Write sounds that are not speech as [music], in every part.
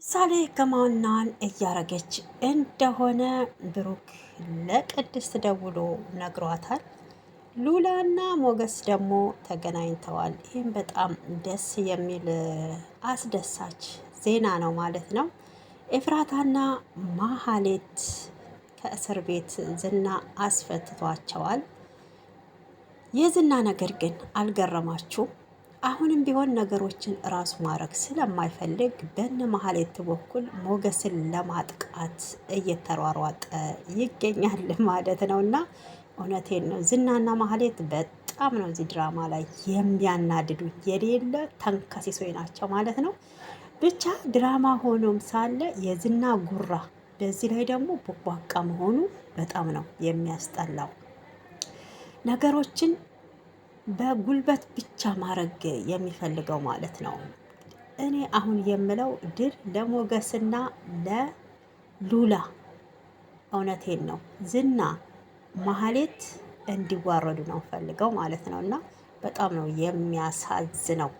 ምሳሌ ሕክምናዋን እያረገች እንደሆነ ብሩክ ለቅድስት ደውሎ ነግሯታል። ሉላና ሞገስ ደግሞ ተገናኝተዋል። ይህም በጣም ደስ የሚል አስደሳች ዜና ነው ማለት ነው። ኤፍራታና ማህሌት ከእስር ቤት ዝና አስፈትቷቸዋል። የዝና ነገር ግን አልገረማችሁ? አሁንም ቢሆን ነገሮችን ራሱ ማድረግ ስለማይፈልግ በነ መሀሌት በኩል ሞገስን ለማጥቃት እየተሯሯጠ ይገኛል [laughs] ማለት ነው። እና እውነቴን ነው ዝናና መሀሌት በጣም ነው እዚህ ድራማ ላይ የሚያናድዱ የሌለ ተንከሲሶች ናቸው ማለት ነው። ብቻ ድራማ ሆኖም ሳለ የዝና ጉራ፣ በዚህ ላይ ደግሞ ቦቧቃ መሆኑ በጣም ነው የሚያስጠላው ነገሮችን በጉልበት ብቻ ማድረግ የሚፈልገው ማለት ነው። እኔ አሁን የምለው ድል ለሞገስና ለሉላ። እውነቴን ነው። ዝና ማህሌት እንዲዋረዱ ነው ፈልገው ማለት ነው። እና በጣም ነው የሚያሳዝነው።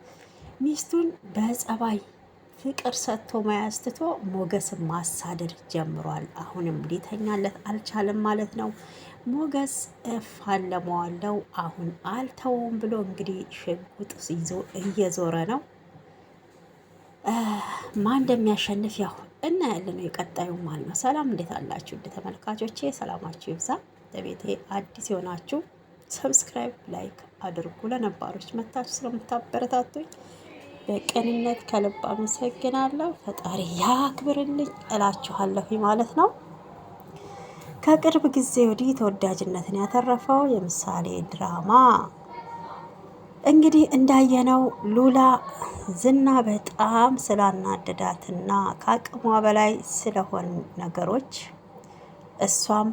ሚስቱን በጸባይ ፍቅር ሰጥቶ መያዝ ትቶ ሞገስን ማሳደድ ጀምሯል። አሁንም ሊተኛለት አልቻለም ማለት ነው። ሞገስ እፋለመዋለው አሁን አልተውም ብሎ እንግዲህ ሽጉጥ ይዞ እየዞረ ነው። ማን እንደሚያሸንፍ ያው እናያለን የቀጣዩ ማለት ነው። ሰላም እንዴት አላችሁ? እንደ ተመልካቾቼ ሰላማችሁ ይብዛ። ለቤቴ አዲስ የሆናችሁ ሰብስክራይብ፣ ላይክ አድርጉ። ለነባሮች መታችሁ ስለምታበረታቱኝ በቅንነት ከልብ አመሰግናለሁ። ፈጣሪ ያክብርልኝ እላችኋለሁ ማለት ነው። ከቅርብ ጊዜ ወዲህ ተወዳጅነትን ያተረፈው የምሳሌ ድራማ እንግዲህ እንዳየነው ሉላ ዝና በጣም ስላናደዳትና ከአቅሟ በላይ ስለሆን ነገሮች እሷም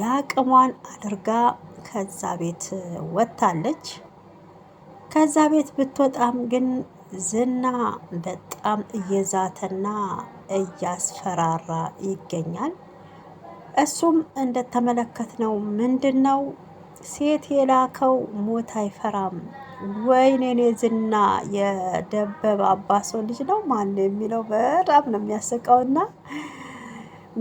የአቅሟን አድርጋ ከዛ ቤት ወጥታለች። ከዛ ቤት ብትወጣም ግን ዝና በጣም እየዛተና እያስፈራራ ይገኛል። እሱም እንደተመለከት ነው ምንድን ነው ሴት የላከው ሞት አይፈራም። ወይኔ እኔ ዝና የደበበ አባት ልጅ ነው ማን የሚለው በጣም ነው የሚያስቀውና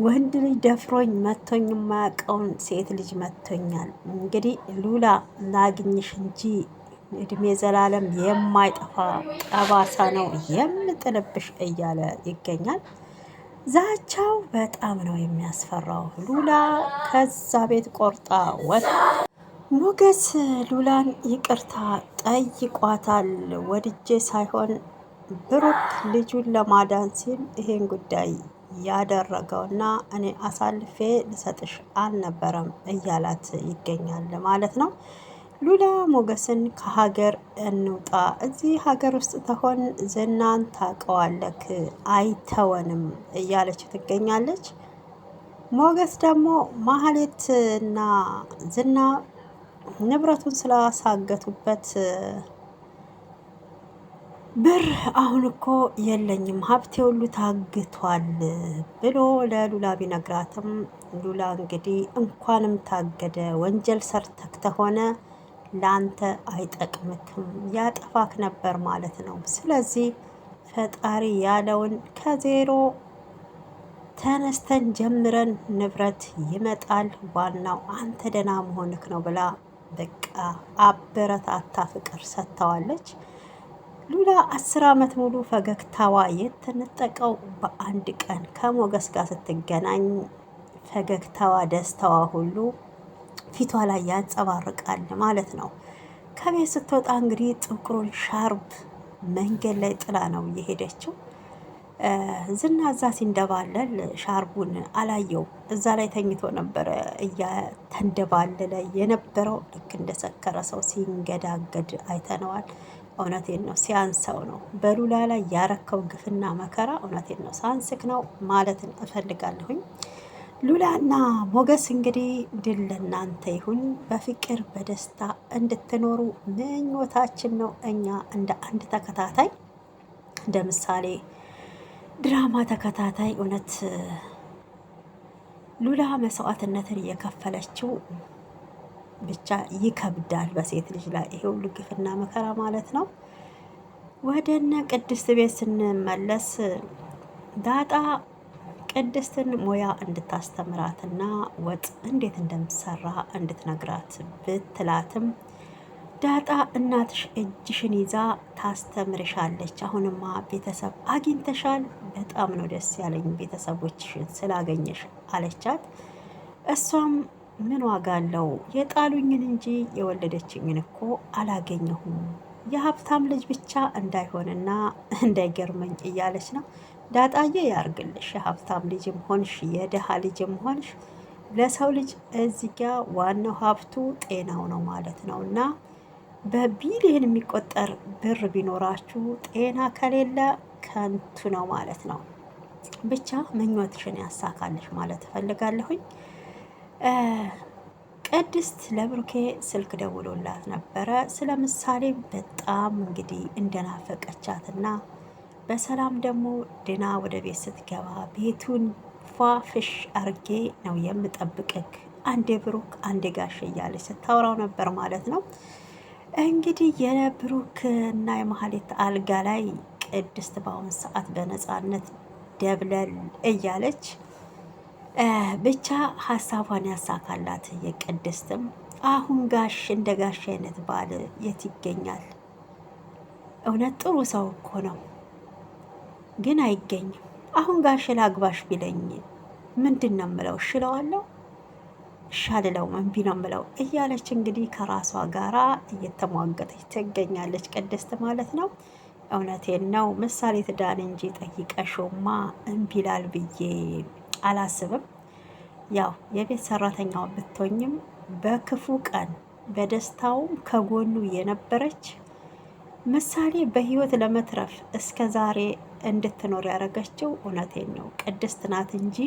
ወንድ ልጅ ደፍሮኝ መቶኝ የማያውቀውን ሴት ልጅ መቶኛል። እንግዲህ ሉላ ላግኝሽ እንጂ እድሜ ዘላለም የማይጠፋ ጠባሳ ነው የምጥልብሽ እያለ ይገኛል። ዛቻው በጣም ነው የሚያስፈራው። ሉላ ከዛ ቤት ቆርጣ ወጥ ሞገስ ሉላን ይቅርታ ጠይቋታል። ወድጄ ሳይሆን ብሩክ ልጁን ለማዳን ሲል ይሄን ጉዳይ ያደረገው እና እኔ አሳልፌ ልሰጥሽ አልነበረም እያላት ይገኛል ማለት ነው። ሉላ ሞገስን ከሀገር እንውጣ፣ እዚህ ሀገር ውስጥ ተሆን ዝናን ታቀዋለክ አይተወንም እያለች ትገኛለች። ሞገስ ደግሞ ማህሌትና ዝና ንብረቱን ስላሳገቱበት ብር አሁን እኮ የለኝም ሀብቴ ሁሉ ታግቷል ብሎ ለሉላ ቢነግራትም ሉላ እንግዲህ እንኳንም ታገደ ወንጀል ሰርተክ ተሆነ ለአንተ አይጠቅምክም፣ ያጠፋክ ነበር ማለት ነው። ስለዚህ ፈጣሪ ያለውን ከዜሮ ተነስተን ጀምረን ንብረት ይመጣል፣ ዋናው አንተ ደህና መሆንክ ነው ብላ በቃ አበረታታ ፍቅር ሰጥተዋለች። ሉላ አስር ዓመት ሙሉ ፈገግታዋ የተነጠቀው በአንድ ቀን ከሞገስ ጋር ስትገናኝ ፈገግታዋ ደስታዋ ሁሉ ፊቷ ላይ ያንጸባርቃል ማለት ነው። ከቤት ስትወጣ እንግዲህ ጥቁሩን ሻርፕ መንገድ ላይ ጥላ ነው እየሄደችው። ዝና እዛ ሲንደባለል ሻርቡን አላየው። እዛ ላይ ተኝቶ ነበረ እያተንደባለለ የነበረው ልክ እንደሰከረ ሰው ሲንገዳገድ አይተነዋል። እውነቴን ነው፣ ሲያንሰው ነው። በሉላ ላይ ያረከው ግፍና መከራ እውነቴን ነው፣ ሳንስክ ነው ማለትን እፈልጋለሁኝ። ሉላና ሞገስ እንግዲህ ድል ለእናንተ ይሁን፣ በፍቅር በደስታ እንድትኖሩ ምኞታችን ነው። እኛ እንደ አንድ ተከታታይ እንደ ምሳሌ ድራማ ተከታታይ እውነት ሉላ መስዋዕትነትን እየከፈለችው ብቻ ይከብዳል በሴት ልጅ ላይ ይሄ ሁሉ ግፍና መከራ ማለት ነው። ወደነ ቅድስት ቤት ስንመለስ ዳጣ ቅድስትን ሙያ እንድታስተምራትና ወጥ እንዴት እንደምትሰራ እንድትነግራት ብትላትም ዳጣ እናትሽ እጅሽን ይዛ ታስተምርሻለች። አሁንማ ቤተሰብ አግኝተሻል፣ በጣም ነው ደስ ያለኝ ቤተሰቦችሽን ስላገኘሽ አለቻት። እሷም ምን ዋጋ አለው የጣሉኝን እንጂ የወለደችኝን እኮ አላገኘሁም የሀብታም ልጅ ብቻ እንዳይሆንና እንዳይገርመኝ እያለች ነው። ዳጣዬ ያርግልሽ። የሀብታም ልጅም ሆንሽ የድሃ ልጅም ሆንሽ ለሰው ልጅ እዚህ ጋ ዋናው ሀብቱ ጤናው ነው ማለት ነው እና በቢሊየን የሚቆጠር ብር ቢኖራችሁ ጤና ከሌለ ከንቱ ነው ማለት ነው። ብቻ ምኞትሽን ያሳካልሽ ማለት እፈልጋለሁኝ። ቅድስት ለብሩኬ ስልክ ደውሎላት ነበረ። ስለ ምሳሌ በጣም እንግዲህ እንደናፈቀቻትና በሰላም ደግሞ ድና ወደ ቤት ስትገባ ቤቱን ፏፍሽ አርጌ ነው የምጠብቅክ፣ አንዴ ብሩክ አንዴ ጋሽ እያለች ስታወራው ነበር ማለት ነው። እንግዲህ የብሩክ እና የመሀሌት አልጋ ላይ ቅድስት በአሁኑ ሰዓት በነፃነት ደብለል እያለች ብቻ ሀሳቧን ያሳካላት። የቅድስትም አሁን ጋሽ እንደ ጋሽ አይነት ባል የት ይገኛል? እውነት ጥሩ ሰው እኮ ነው፣ ግን አይገኝም። አሁን ጋሽ ላግባሽ ቢለኝ ምንድን ነው ምለው? እሽለዋለሁ? ሻልለው እምቢ ነው ምለው? እያለች እንግዲህ ከራሷ ጋራ እየተሟገጠች ትገኛለች፣ ቅድስት ማለት ነው። እውነቴን ነው ምሳሌ ትዳን እንጂ ጠይቀሽውማ እምቢ ብዬ አላስብም። ያው የቤት ሰራተኛው ብትሆኝም በክፉ ቀን በደስታውም ከጎኑ የነበረች ምሳሌ በህይወት ለመትረፍ እስከ ዛሬ እንድትኖር ያደረገችው እውነቴን ነው ቅድስት ናት እንጂ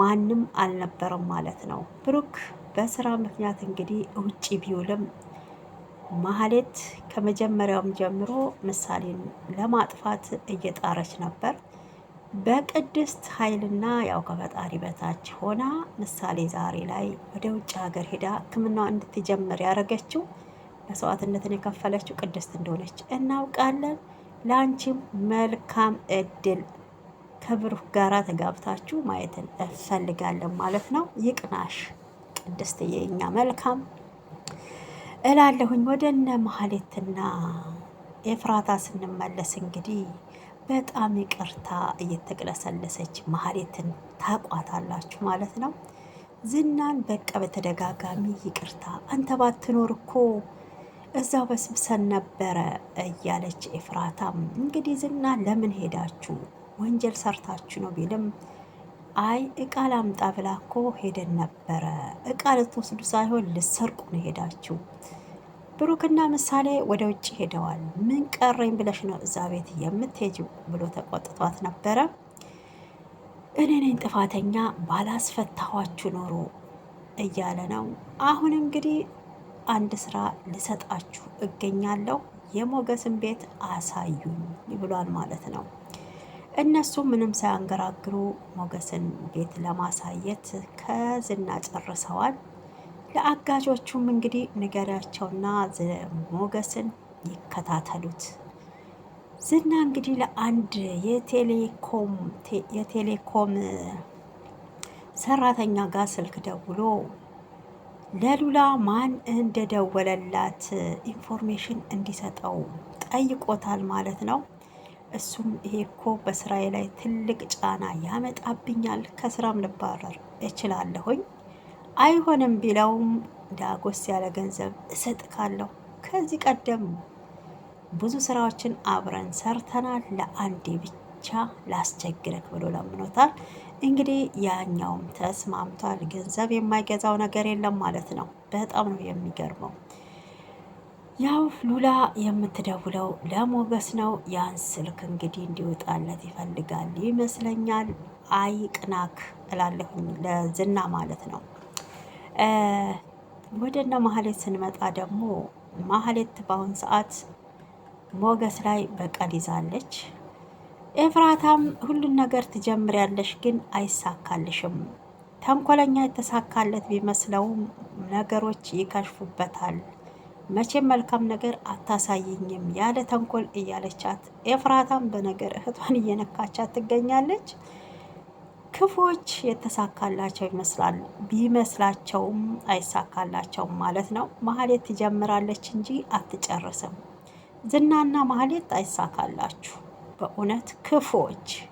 ማንም አልነበረም ማለት ነው። ብሩክ በስራ ምክንያት እንግዲህ ውጭ ቢውልም ማህሌት ከመጀመሪያውም ጀምሮ ምሳሌን ለማጥፋት እየጣረች ነበር። በቅድስት ኃይልና ያው ከፈጣሪ በታች ሆና ምሳሌ ዛሬ ላይ ወደ ውጭ ሀገር ሄዳ ሕክምናዋ እንድትጀምር ያደረገችው መስዋዕትነትን የከፈለችው ቅድስት እንደሆነች እናውቃለን። ለአንቺም መልካም እድል ከብሩህ ጋራ ተጋብታችሁ ማየትን እፈልጋለን ማለት ነው። ይቅናሽ ቅድስት የኛ መልካም እላለሁኝ። ወደ እነ መሀሌትና ኤፍራታ ስንመለስ እንግዲህ በጣም ይቅርታ እየተቅለሰለሰች ማህሌትን ታቋታላችሁ ማለት ነው። ዝናን በቃ በተደጋጋሚ ይቅርታ አንተ ባትኖር እኮ እዛ በስብሰን ነበረ እያለች ኤፍራታም እንግዲህ ዝና ለምን ሄዳችሁ ወንጀል ሰርታችሁ ነው ቢልም አይ እቃ ላምጣ ብላ እኮ ሄደን ነበረ። እቃ ልትወስዱ ሳይሆን ልሰርቁ ነው ሄዳችሁ ብሩክና ምሳሌ ወደ ውጭ ሄደዋል። ምን ቀረኝ ብለሽ ነው እዛ ቤት የምትሄጂው ብሎ ተቆጥቷት ነበረ። እኔ ነኝ ጥፋተኛ ባላስፈታኋችሁ ኖሮ እያለ ነው። አሁን እንግዲህ አንድ ስራ ልሰጣችሁ እገኛለሁ፣ የሞገስን ቤት አሳዩኝ ብሏል ማለት ነው። እነሱ ምንም ሳያንገራግሩ ሞገስን ቤት ለማሳየት ከዝና ጨርሰዋል። ለአጋዦቹም እንግዲህ ንገሪያቸውና ሞገስን ይከታተሉት። ዝና እንግዲህ ለአንድ የቴሌኮም የቴሌኮም ሰራተኛ ጋር ስልክ ደውሎ ለሉላ ማን እንደደወለላት ኢንፎርሜሽን እንዲሰጠው ጠይቆታል ማለት ነው። እሱም ይሄ እኮ በስራዬ ላይ ትልቅ ጫና ያመጣብኛል፣ ከስራም ልባረር እችላለሁኝ አይሆንም ቢለውም ዳጎስ ያለ ገንዘብ ካለሁ ከዚህ ቀደም ብዙ ስራዎችን አብረን ሰርተናል፣ ለአንዴ ብቻ ላስቸግረክ ብሎ ለምኖታል። እንግዲህ ያኛውም ተስማምቷል። ገንዘብ የማይገዛው ነገር የለም ማለት ነው። በጣም ነው የሚገርመው። ያው ሉላ የምትደውለው ለሞገስ ነው። ያን ስልክ እንግዲህ እንዲወጣለት ይፈልጋል ይመስለኛል። አይቅናክ እላለሁኝ ለዝና ማለት ነው። ወደና ማህሌት ስንመጣ ደግሞ ማህሌት በአሁን ሰዓት ሞገስ ላይ በቀል ይዛለች። ኤፍራታም ሁሉን ነገር ትጀምሪያለሽ ግን አይሳካልሽም። ተንኮለኛ የተሳካለት ቢመስለውም ነገሮች ይከሽፉበታል። መቼም መልካም ነገር አታሳይኝም ያለ ተንኮል እያለቻት ኤፍራታም በነገር እህቷን እየነካቻት ትገኛለች። ክፎች የተሳካላቸው ይመስላል ቢመስላቸውም አይሳካላቸውም ማለት ነው። ማህሌት ትጀምራለች እንጂ አትጨርስም። ዝናና ማህሌት አይሳካላችሁ በእውነት ክፎች